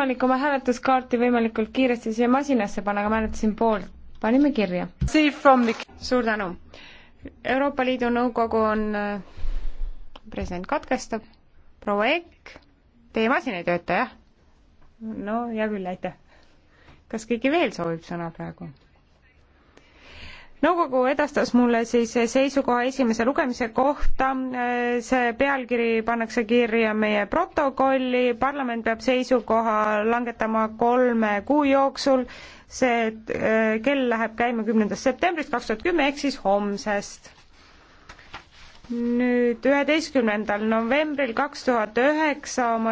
ettepanelik oma hääletuskaarti võimalikult kiiresti siia masinasse panna, aga ma hääletasin poolt, panime kirja. suur tänu. Euroopa Liidu Nõukogu on, äh, president katkestab, proua Ekk, teie masin ei tööta, jah? no hea küll, aitäh. kas keegi veel soovib sõna praegu? nõukogu edastas mulle siis seisukoha esimese lugemise kohta, see pealkiri pannakse kirja meie protokolli, parlament peab seisukoha langetama kolme kuu jooksul, see äh, kell läheb käima kümnendast septembrist kaks tuhat kümme ehk siis homsest. nüüd üheteistkümnendal novembril kaks tuhat üheksa oma